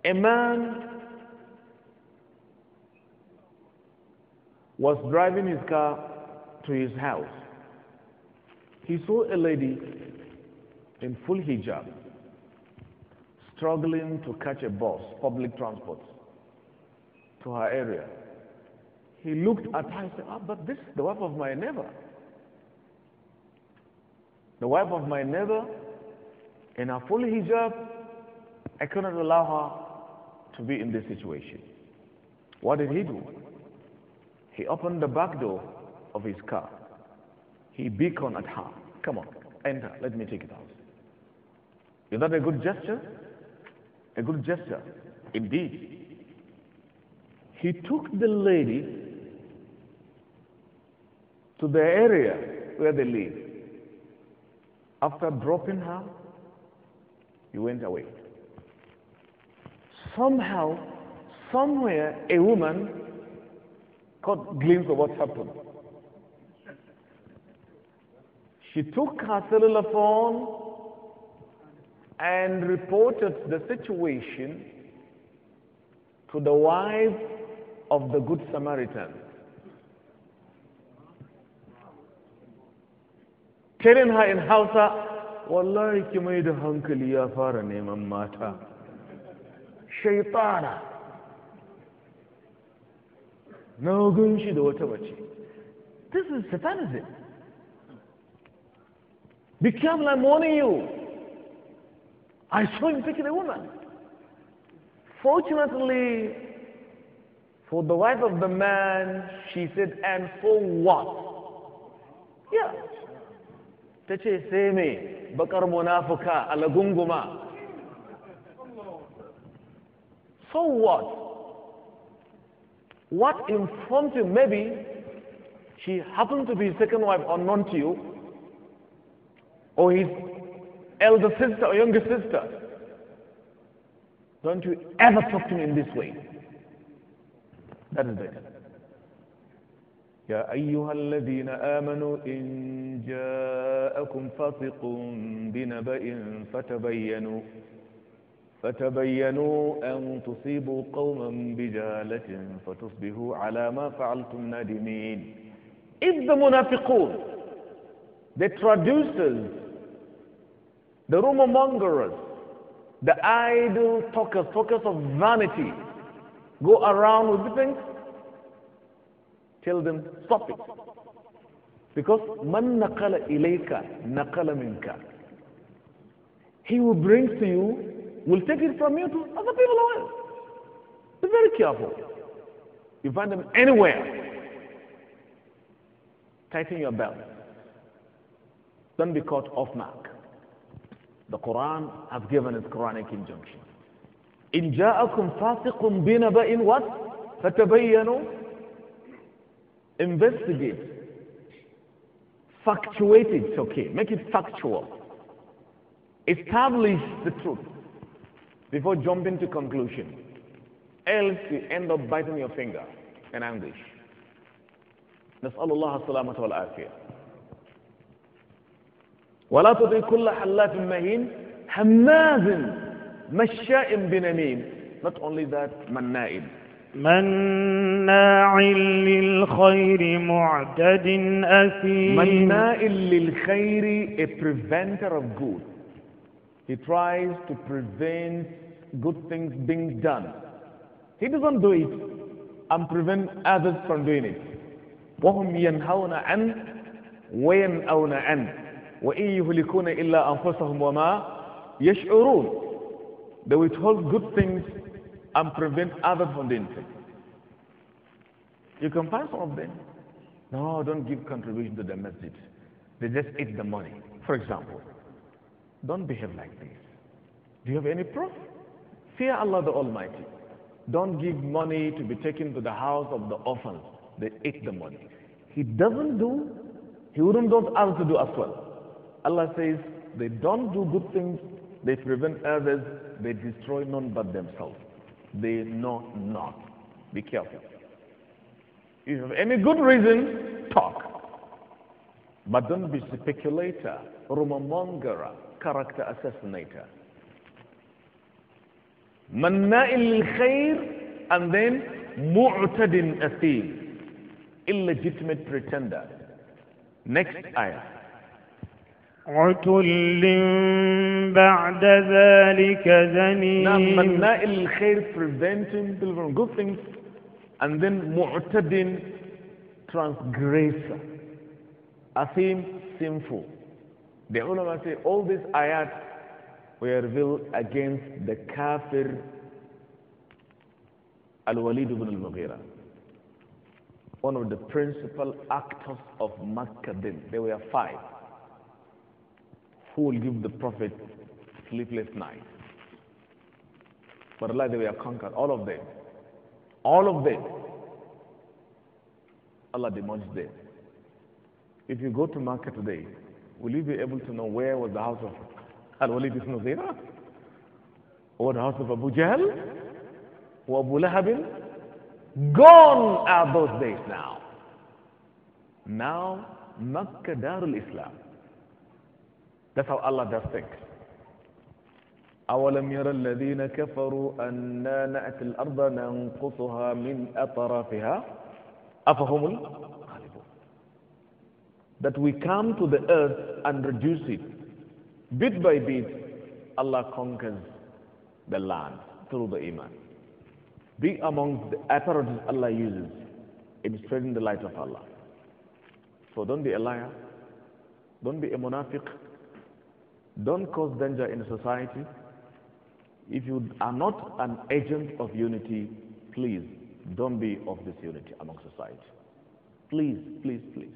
A man was driving his car to his house. He saw a lady in full hijab struggling to catch a bus, public transport, to her area. He looked at her and said, Ah, oh, but this is the wife of my neighbor. The wife of my neighbor in a full hijab, I could not allow her to be in this situation. What did he do? He opened the back door of his car. He beckoned at her. Come on, enter, let me take it out. Is that a good gesture? A good gesture, indeed. He took the lady to the area where they live. After dropping her, he went away. Somehow, somewhere, a woman caught glimpse of what happened. She took her cellular phone and reported the situation to the wife of the Good Samaritan. telling her in Hausa, Wallahi ki mai da hankali ya fara neman mata. Shaitana. Na gan shi da wata mace. This is satanism. Be careful, I'm warning you. I saw him picking a woman. Fortunately, for the wife of the man, she said, and for what? Yeah, ta ce sai me bakar munafuka alagunguma so what what informs you maybe she happened to be his second wife unknown to you or his elder sister or younger sister don't you ever talk to me in this way that is it يا أيها الذين آمنوا إن جاءكم فاسق بنبأ فتبينوا فتبينوا أن تصيبوا قوما بجالة فتصبحوا على ما فعلتم نادمين إذ المنافقون the traducers the rumor mongers the idle talkers talkers of vanity go around with the things Tell them, stop it. Because man naqala ilayka naqala minka. He will bring to you, will take it from you to other people away. Be very careful. You find them anywhere. Tighten your belt. Don't be caught off mark. The Quran has given its Quranic injunction. إن جاءكم bi nabain what? فتبينوا Investigate. Factuate it, okay. Make it factual. Establish the truth before jumping to conclusion. Else you end up biting your finger in anguish. نسأل الله السلامة والعافية. ولا تطع كل حلاف مهين هماز مشاء بنميم. Not only that, منائم. مناع للخير معتد أثيم مناع للخير a preventer of good he tries to prevent good things being done he doesn't do it and prevent others from doing it وهم ينهون عن وينأون عن وإن يهلكون إلا أنفسهم وما يشعرون they withhold good things and prevent others from doing things. You can find some of them. No, don't give contribution to the masjid. They just eat the money. For example, don't behave like this. Do you have any proof? Fear Allah the Almighty. Don't give money to be taken to the house of the orphans. They eat the money. He doesn't do, he wouldn't want others to do as well. Allah says they don't do good things, they prevent others, they destroy none but themselves. They know not. Be careful. If you have any good reason, talk. But don't be speculator, rumor monger, character assassinator. مناء للخير and then معتد أثيم illegitimate pretender next ayah عتل بعد ذلك زنيم Now, الخير preventing people from good things and then معتد transgressor as him sinful the ulama say all these ayat were revealed against the kafir al-walid ibn al-mughira one of the principal actors of then. There were five who will give the Prophet sleepless nights. But Allah, they were conquered, all of them. All of them. Allah demolished them. If you go to Makkah today, will you be able to know where was the house of Al-Walid ibn Zira? Or the house of Abu Jahl? Or Abu Lahab? Gone are those days now. Now, Makkah Darul Islam. That's how Allah does things. أولم ير الذين كفروا أنا نأتي الأرض ننقصها من أطرافها أفهم That we come to the earth and reduce it. Bit by bit, Allah conquers the land through the iman. Be among the apparatus Allah uses in spreading the light of Allah. So don't be a liar. Don't be a munafiq. Don't cause danger in society. If you are not an agent of unity, please don't be of disunity among society. Please, please, please.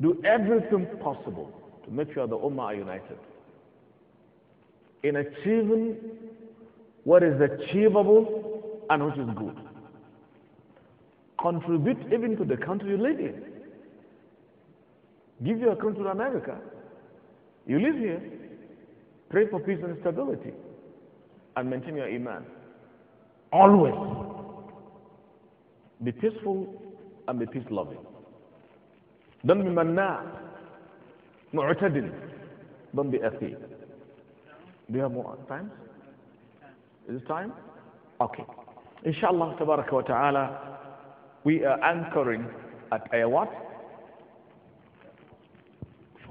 Do everything possible to make sure the Ummah are united in achieving what is achievable and what is good. Contribute even to the country you live in. Give your country to America. You live here. Pray for peace and stability. And maintain your iman. Always. Be peaceful and be peace loving. Don't be manna, mu'tadin. Don't be athi. Do you have more time? Is it time? Okay. Inshallah, tabaraka wa ta'ala, we are anchoring at a what?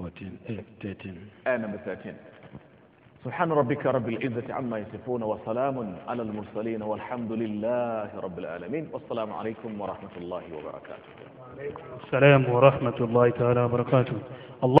14 eh, آية 13 سبحان ربك رب العزة عما يصفون وسلام على المرسلين والحمد لله رب العالمين والسلام عليكم ورحمة الله وبركاته السلام ورحمة الله تعالى وبركاته